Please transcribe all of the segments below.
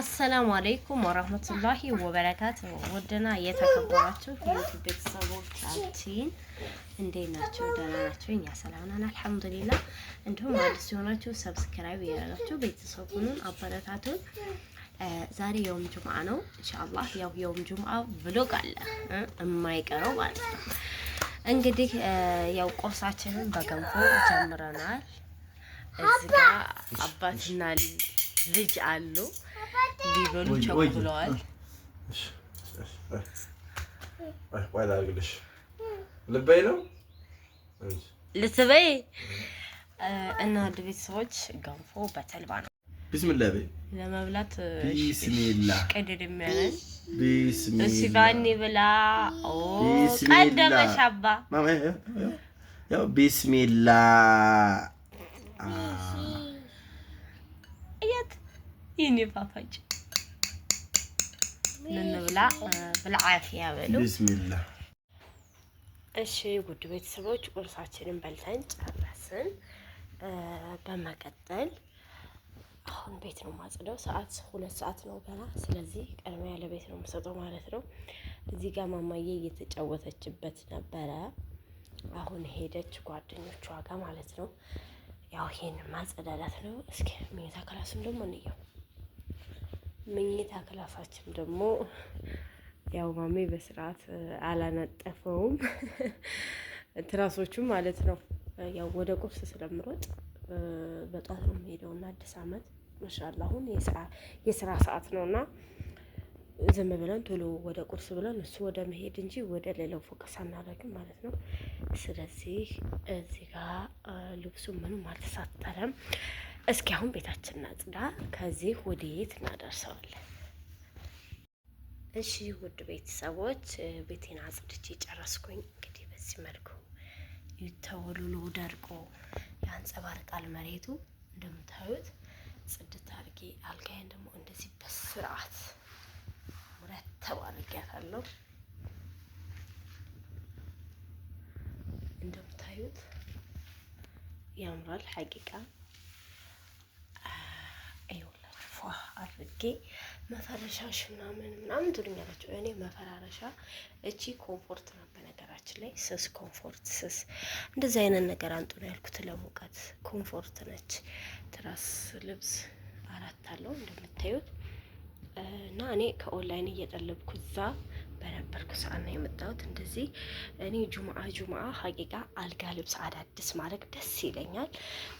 አሰላሙ አለይኩም ወረህመቱላሂ ወበረካት ውድና የተከበራችሁ የዩቲዩብ ቤተሰቦቻችን እንዴት ናቸው? ደህና ናቸው? እኛ ሰላም ነን አልሐምዱሊላ። እንዲሁም አዲስ የሆናችሁ ሰብስክራይብ ያደረጋችሁ ቤተሰቡን አበረታቱን። ዛሬ የውም ጁምአ ነው ኢንሻአላህ። ያው የውም ጁምአ ብሎግ አለ የማይቀረው ማለት ነው። እንግዲህ ያው ቁርሳችንን በገንፎ ጀምረናል። እዚህ ጋ አባትና ልጅ አሉ ቢበሉ ቸኩለዋል። ልበይ ነው ልትበይ እና ውድ ቤተሰቦች ገንፎ በተልባ ነው ቢስሚላ በይ ለመብላት ቢስሚላ ቀደድ የሚያለን ስጋኒ ቢስሚላ የኔ ፋፋጭ ምንብላ ብላ ብላ በሉ። ቢስሚላ እሺ፣ ውድ ቤተሰቦች ቁርሳችንን በልተን ጨረስን። በመቀጠል አሁን ቤት ነው ማጽደው። ሰዓት ሁለት ሰዓት ነው ገና። ስለዚህ ቀድሞ ያለ ቤት ነው የምሰጠው ማለት ነው። እዚህ ጋር ማማዬ እየተጫወተችበት ነበረ። አሁን ሄደች ጓደኞቿ ጋር ማለት ነው። ያው ይሄን ማጸዳዳት ነው። እስኪ ሜታ ክላሱን ደግሞ እንየው። መኝታ ክላሳችን ደግሞ ያው ማሜ በስርዓት አላነጠፈውም ትራሶቹ ማለት ነው። ያው ወደ ቁርስ ስለምሮጥ በጧት ነው የምሄደው እና አዲስ አመት ማሻአላ አሁን የስራ ሰዓት ነው እና ዝም ብለን ቶሎ ወደ ቁርስ ብለን እሱ ወደ መሄድ እንጂ ወደ ሌላው ፎከስ አናደርግም ማለት ነው። ስለዚህ እዚህ ጋር ልብሱ ምንም አልተሳጠረም። እስኪ አሁን ቤታችን እናጽዳ፣ ከዚህ ወደ የት እናደርሰዋለን። እሺ ውድ ቤተሰቦች ቤቴን አጽድቼ ጨረስኩኝ። እንግዲህ በዚህ መልኩ ይተወሉሉ ደርቆ ያንጸባርቃል መሬቱ እንደምታዩት ጽድት አድርጌ አልጋዬን ደግሞ እንደዚህ በስርዓት ሙረተብ አድርጊያታለሁ። እንደምታዩት ያምራል ሐቂቃ አድርጌ መፈረሻሽ ምናምን ምናምን ትሉኛላችሁ። እኔ መፈራረሻ እቺ ኮምፎርት ነው፣ በነገራችን ላይ ስስ ኮምፎርት፣ ስስ እንደዚህ አይነት ነገር አንጡ ነው ያልኩት። ለሙቀት ኮምፎርት ነች። ትራስ ልብስ አራት አለው እንደምታዩት እና እኔ ከኦንላይን እየጠለብኩ እዛ በነበርኩ ሰዓት ነው የመጣሁት። እንደዚህ እኔ ጁምአ ጁምአ ሀቂቃ አልጋ ልብስ አዳድስ ማድረግ ደስ ይለኛል።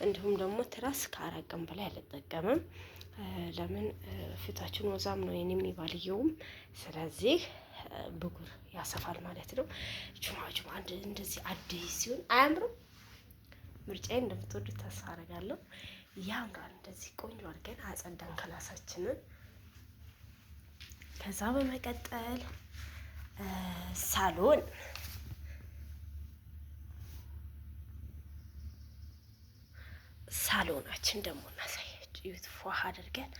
እንዲሁም ደግሞ ትራስ ከአራት ቀን በላይ አልጠቀምም። ለምን ፊታችን ወዛም ነው የኔም የባልየውም። ስለዚህ ብጉር ያሰፋል ማለት ነው። ጁማ ጁማ አንድ እንደዚህ አዲስ ሲሆን አያምርም? ምርጫዬን እንደምትወዱ ተስፋ አደርጋለሁ። ያምራል። እንደዚህ ቆንጆ አድርገን አጸዳን ከላሳችንን። ከዛ በመቀጠል ሳሎን ሳሎናችን ደግሞ እናሳይ። እዩት፣ ፏ አድርገን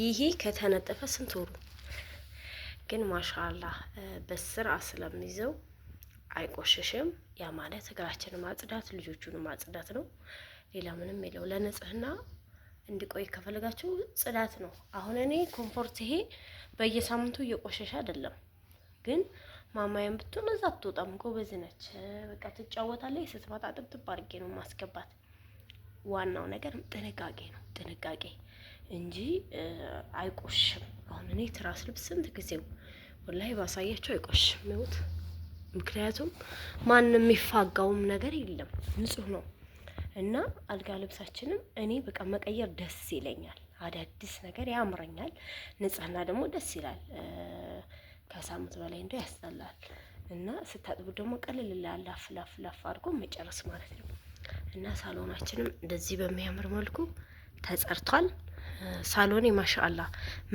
ይሄ ከተነጠፈ ስንት ወሩ ግን ማሻላ በስራ ስለሚይዘው አይቆሽሽም። ያ ማለት እግራችንን ማጽዳት ልጆቹን ማጽዳት ነው። ሌላ ምንም የለው። ለንጽህና እንዲቆይ ከፈለጋችሁ ጽዳት ነው። አሁን እኔ ኮምፎርት ይሄ በየሳምንቱ እየቆሸሸ አይደለም፣ ግን ማማየን ብትሆን እዛ አትወጣም። ጎበዝ ነች። በቃ ትጫወታለች። ስትመጣ ጥብጥብ አድርጌ ነው ማስገባት ዋናው ነገር ጥንቃቄ ነው። ጥንቃቄ እንጂ አይቆሽም። አሁን እኔ ትራስ ልብስ ስንት ጊዜው ወላሂ ባሳያቸው አይቆሽም ይሁት። ምክንያቱም ማንም የሚፋጋውም ነገር የለም ንጹህ ነው እና አልጋ ልብሳችንም እኔ በቃ መቀየር ደስ ይለኛል። አዳዲስ ነገር ያምረኛል። ንጽህና ደግሞ ደስ ይላል። ከሳምንት በላይ እንደው ያስጠላል እና ስታጥቡ ደግሞ ቀልል ላላፍ ላፍ ላፍ አድርጎ መጨረስ ማለት ነው። እና ሳሎናችንም እንደዚህ በሚያምር መልኩ ተጸርቷል። ሳሎኔ ማሻአላ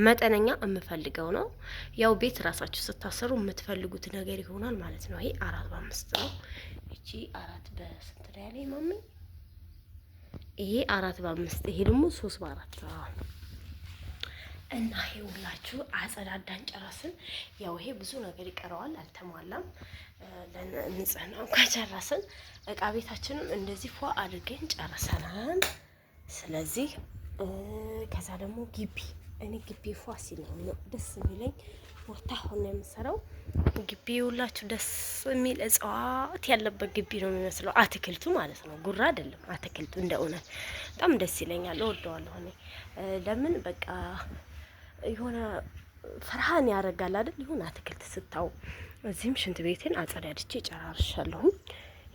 መጠነኛ የምፈልገው ነው። ያው ቤት ራሳችሁ ስታሰሩ የምትፈልጉት ነገር ይሆናል ማለት ነው። ይሄ አራት በአምስት ነው። እቺ አራት በስንት ነው ያለ ማሚ? ይሄ አራት በአምስት ይሄ ደግሞ ሶስት በአራት እና ይሄ ሁላችሁ አጸዳዳን ጨረስን። ያው ይሄ ብዙ ነገር ይቀረዋል፣ አልተሟላም። ንጽህናውን ከጨረስን እቃ ቤታችንም እንደዚህ ፏ አድርገን ጨረሰናል። ስለዚህ ከዛ ደግሞ ግቢ እኔ ግቢ ፏ ሲል ነው ደስ የሚለኝ ቦታ ሆነ የምሰራው ግቢ ሁላችሁ ደስ የሚል እጽዋት ያለበት ግቢ ነው የሚመስለው። አትክልቱ ማለት ነው፣ ጉራ አይደለም አትክልቱ። እንደ እውነት በጣም ደስ ይለኛል፣ እወደዋለሁ ለምን በቃ የሆነ ፍርሃን ያደርጋል አይደል? ይሁን አትክልት ስታው እዚህም ሽንት ቤቴን አጸዳድቼ ጨራርሻለሁ።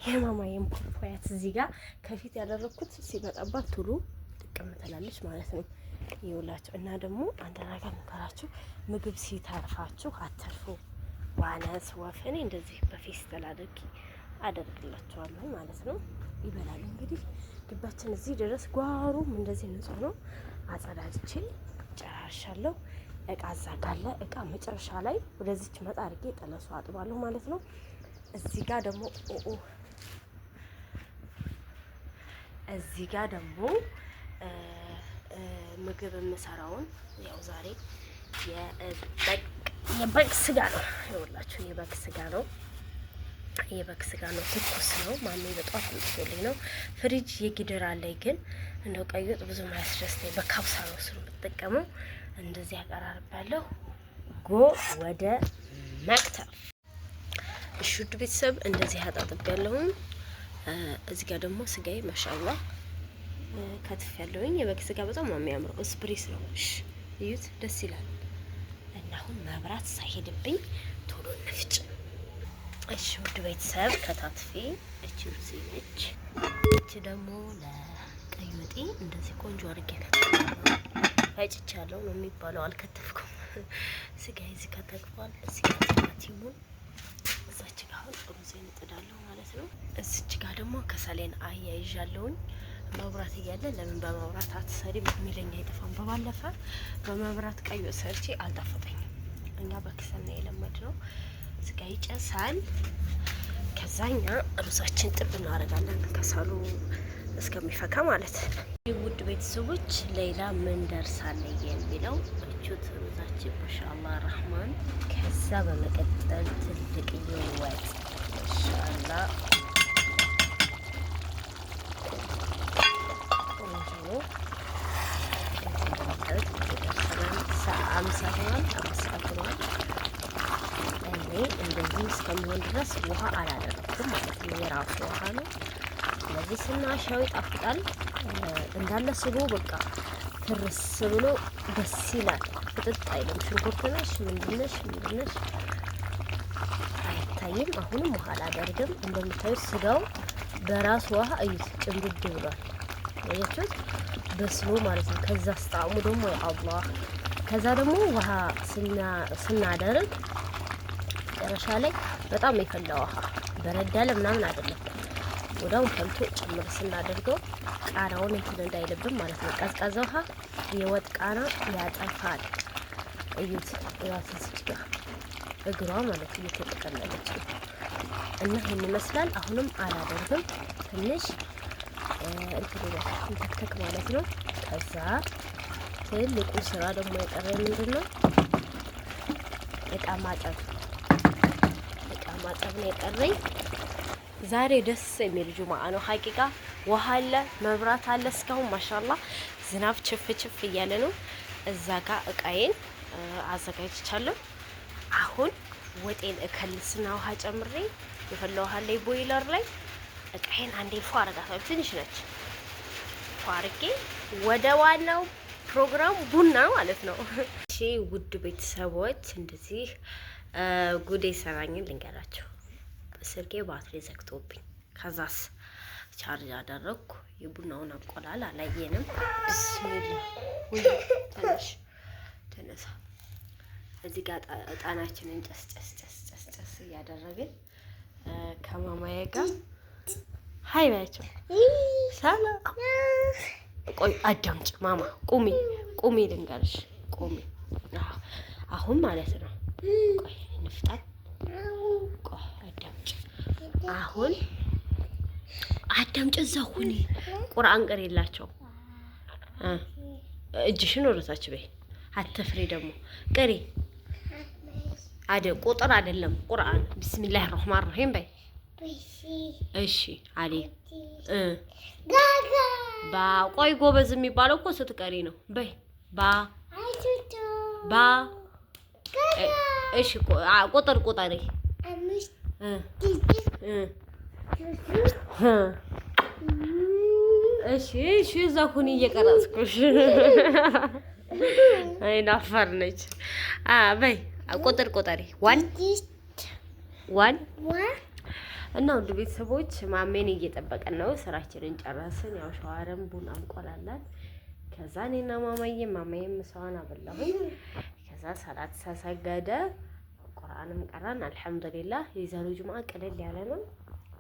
የማማዬን ፓፓያት እዚህ ጋር ከፊት ያደረግኩት ሲበጣባት ቶሎ ጥቅም ትላለች ማለት ነው። ይውላቸው እና ደግሞ አንድ ነገር ምከራችሁ፣ ምግብ ሲተርፋችሁ አተርፉ ዋነስ ወፈኔ እንደዚህ በፌስታል አድርጊ አደርግላችኋለሁ ማለት ነው። ይበላል እንግዲህ ግባችን እዚህ ድረስ ጓሮም እንደዚህ ንጹህ ነው አጸዳድቼ ጨርሻለሁ። እቃ አዛጋለ እቃ መጨረሻ ላይ ወደዚች መጣ አድርጌ ጠለሱ አጥባለሁ ማለት ነው። እዚህ ጋር ደግሞ ኦኦ እዚህ ጋር ደግሞ ምግብ የምሰራውን ያው ዛሬ የበግ ስጋ ነው ይኸውላችሁ፣ የበግ ስጋ ነው የበግ ስጋ ነው፣ ትኩስ ነው። ማሚ በጧት አምጥቶልኝ ነው። ፍሪጅ የጊደር አለኝ፣ ግን እንደው ቀይ ወጥ ብዙም አያስደስተኝ። በካብሳ ነው ስሩ የምጠቀመው። እንደዚህ አቀራርባለሁ። ጎ ወደ መክተፍ። እሺ ውድ ቤተሰብ እንደዚህ አጣጥብ ያለውን እዚህ ጋር ደግሞ ስጋዬ ማሻላ ከትፍ ያለውኝ የበግ ስጋ በጣም ነው የሚያምረው። ስፕሪስ ነው። እሺ እዩት፣ ደስ ይላል። እና አሁን መብራት ሳይሄድብኝ ቶሎ ነፍጭ እሺ ውድ ቤተሰብ ከታትፌ እቺ ሩዝ ነች። እቺ ደግሞ ለቀይ ወጤ እንደዚህ ቆንጆ አድርጌ ነው ፈጭቻለሁ ነው የሚባለው። አልከተፍኩም። ስጋ ይዚ ከተክፏል። ስጋ ቲሙን እዛች ጋ አሁን ሩዝ እንጥዳለሁ ማለት ነው። እዚች ጋ ደግሞ ከሰሌን አያይዣለሁኝ። መብራት እያለ ለምን በመብራት አትሰሪም የሚለኝ አይጠፋም። በባለፈ በመብራት ቀይ ወጥ ሰርቼ አልጣፈጠኝም። እኛ በክሰል የለመድ ነው ስጋ ይጨሳል። ከዛኛ ሩዛችን ጥብ እናደርጋለን ከሰሉ እስከሚፈካ ማለት ነው። ውድ ቤተሰቦች ሌላ ምን ደርሳለ የሚለው እቹት ሩዛችን ማሻአላ ራህማን። ከዛ በመቀጠል ትልቅ ይወጥ ማሻአላ ሰዓም ሆናል እኔ እንደዚህ እስከሚሆን ድረስ ውሃ አላደረኩም ማለት ነው። የራሱ ውሃ ነው። ስለዚህ ስናሻው ይጣፍጣል እንዳለ ስቦ በቃ ትርስ ብሎ ደስ ይላል። ቅጥጥ አይልም። ሽንኩርት ነሽ ምንድነሽ ምንድነሽ አይታይም። አሁንም ውሃ አላደርግም። እንደምታዩት ስጋው በራሱ ውሃ እዩት፣ ጭምድድ ብሏል። ያያችሁት በስሎ ማለት ነው። ከዛ ስጣሙ ደግሞ የአላህ ከዛ ደግሞ ውሃ ስናደርግ መጨረሻ ላይ በጣም የፈላ ውሃ በረዳለ ምናምን አይደለም። ወዳውን ፈልቶ ጭምር ስናደርገው ቃናውን እንትን እንዳይልብን ማለት ነው። ቀዝቃዛ ውሃ የወጥ ቃና ያጠፋል። እዩት ራሱን ስጭጋ እግሯ ማለት እየተጠቀለለች ነው እና ይህን ይመስላል። አሁንም አላደርግም ትንሽ እንተክተክ ማለት ነው። ከዛ ትልቁ ስራ ደግሞ የቀረ ምንድን ነው? እቃ ማጠብ ማጠብ ነው የቀረኝ። ዛሬ ደስ የሚል ጁማአ ነው ሀቂቃ። ውሃ አለ፣ መብራት አለ። እስካሁን ማሻላ ዝናብ ችፍ ችፍ እያለ ነው። እዛ ጋር እቃዬን አዘጋጅቻለሁ። አሁን ወጤን እከልስና ውሃ ጨምሬ የፈላ ውሃ ላይ ቦይለር ላይ እቃዬን አንዴ ፏ አረጋታለሁ። ትንሽ ነች። ፏ አርጌ ወደ ዋናው ፕሮግራም ቡና ማለት ነው። እሺ ውድ ቤተሰቦች እንደዚህ ጉዴ ሰራኝን ልንገራቸው። ስልኬ ባትሪ ዘግቶብኝ፣ ከዛስ ቻርጅ አደረግኩ። የቡናውን አቆላል አላየንም። ብስሚላ ተነሳ። እዚህ ጋር እጣናችንን ጨስ ጨስ ጨስ ጨስ ጨስ እያደረግን ከማማዬ ጋር ሀይ ባያቸው። ሰላም ቆይ፣ አዳምጭ ማማ። ቁሚ ቁሚ፣ ልንገርሽ ቁሚ። አሁን ማለት ነው አሁን አዳምጭ። እዛ ሁኒ ቁርአን ቅር የላቸው እጅሽን ወደታች በይ፣ አትፍሪ። ደግሞ ቅሪ አደ ቁጥር አይደለም ቁርአን። ቢስሚላህ ረህማን ረሂም በይ። እሺ አሊ ባ ቆይ፣ ጎበዝ የሚባለው እኮ ስትቀሪ ነው። በይ ባ ባ እሺ ቁጥር ቁጠሪ። እሺ እሺ፣ እዛ ሁን እየቀረጽኩሽ። አይ ናፋር ነች። በይ ቁጥር ቁጠሪ። ዋን ዋን እና ውድ ቤተሰቦች ማሜን እየጠበቀን ነው። ስራችንን ጨረስን። ያው ሸዋረም ቡና እንቆላለን። ከዛ እኔና ማማዬ ማማዬም ምሳዋን አበላሁኝ። ከዛ ሰላት ተሰገደ፣ ቁርአንም ቀራን። አልሐምዱሊላህ የዛሬው ጁምዓ ቀለል ያለ ነው።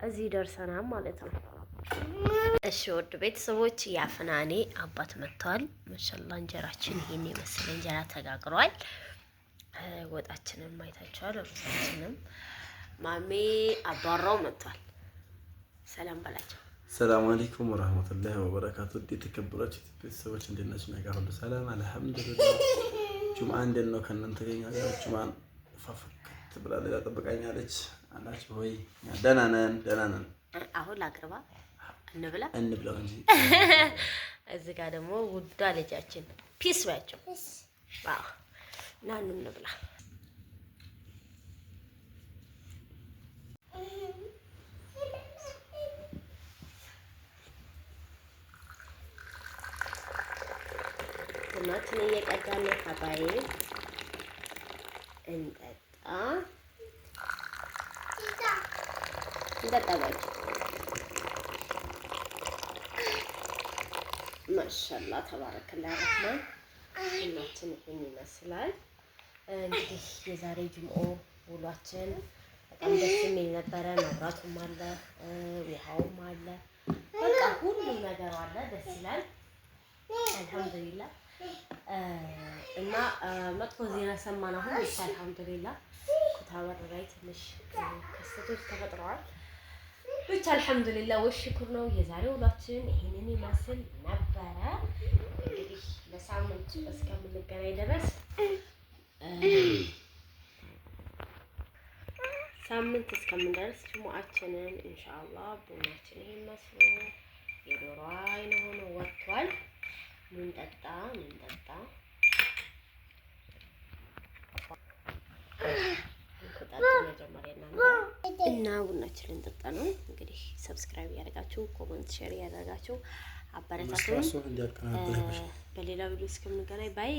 እዚህ ደርሰናል ማለት ነው። እሺ ውድ ቤተሰቦች የአፍናኔ አባት መጥተዋል። ማሻላ እንጀራችን ይህን የመሰለ እንጀራ ተጋግሯል። ወጣችንም አይታችኋል። ሩሳችንም ማሜ አባራው መጥቷል። ሰላም በላቸው። ሰላም አለይኩም ወራህመቱላሂ ወበረካቱ። የተከበራችሁ ቤተሰቦች እንደነሱ ነገር ሁሉ ሰላም አልሐምዱሊላህ ጁምአ እንዴት ነው ከእናንተ ጋር ጁምአን ፋፍክት ብላ ሌላ ጠብቃኛለች አላችሁ ወይ ደህና ነን ደህና ነን አሁን አቅርባ እንብላ እንብላ እንጂ እዚህ ጋር ደግሞ ውዷ ልጃችን ፒስ ባያቸው ዋው ና እንብላ ቲማቲም እየቀዳን ነው። ሀባይ እንጠጣ እንጠጣ ባጭ ማሻላ ተባረከላ ረህማን እናችን ይመስላል። እንግዲህ የዛሬ ጅምኦ ውሏችን በጣም ደስ የሚል ነበረ። መብራቱም አለ፣ ውሃውም አለ፣ በቃ ሁሉም ነገር አለ። ደስ ይላል። አልሐምዱሊላህ እና መጥፎ ዜና ሰማን። አሁን እሱ አልሐምዱሊላ ኩታበር ላይ ትንሽ ክስተቶች ተፈጥረዋል። ብቻ አልሐምዱሊላ ወሽኩር ነው። የዛሬ ውሏችን ይሄንን ይመስል ነበረ። እንግዲህ ለሳምንት እስከምንገናኝ ድረስ ሳምንት እስከምንደርስ ጅሙዓችንን ኢንሻአላህ ቡናችን ይሄን መስሎ የዶሮ አይን ሆኖ ወጥቷል። ምን ጠጣ ምን እንቁጣ እና ቡናችን ልንጠጣ ነው። እንግዲህ ሰብስክራይብ ያደረጋችሁ፣ ኮመንት፣ ሼር ያደረጋችሁ አበረታችሁ። በሌላ ቪዲዮ እስከምንገናኝ ባይ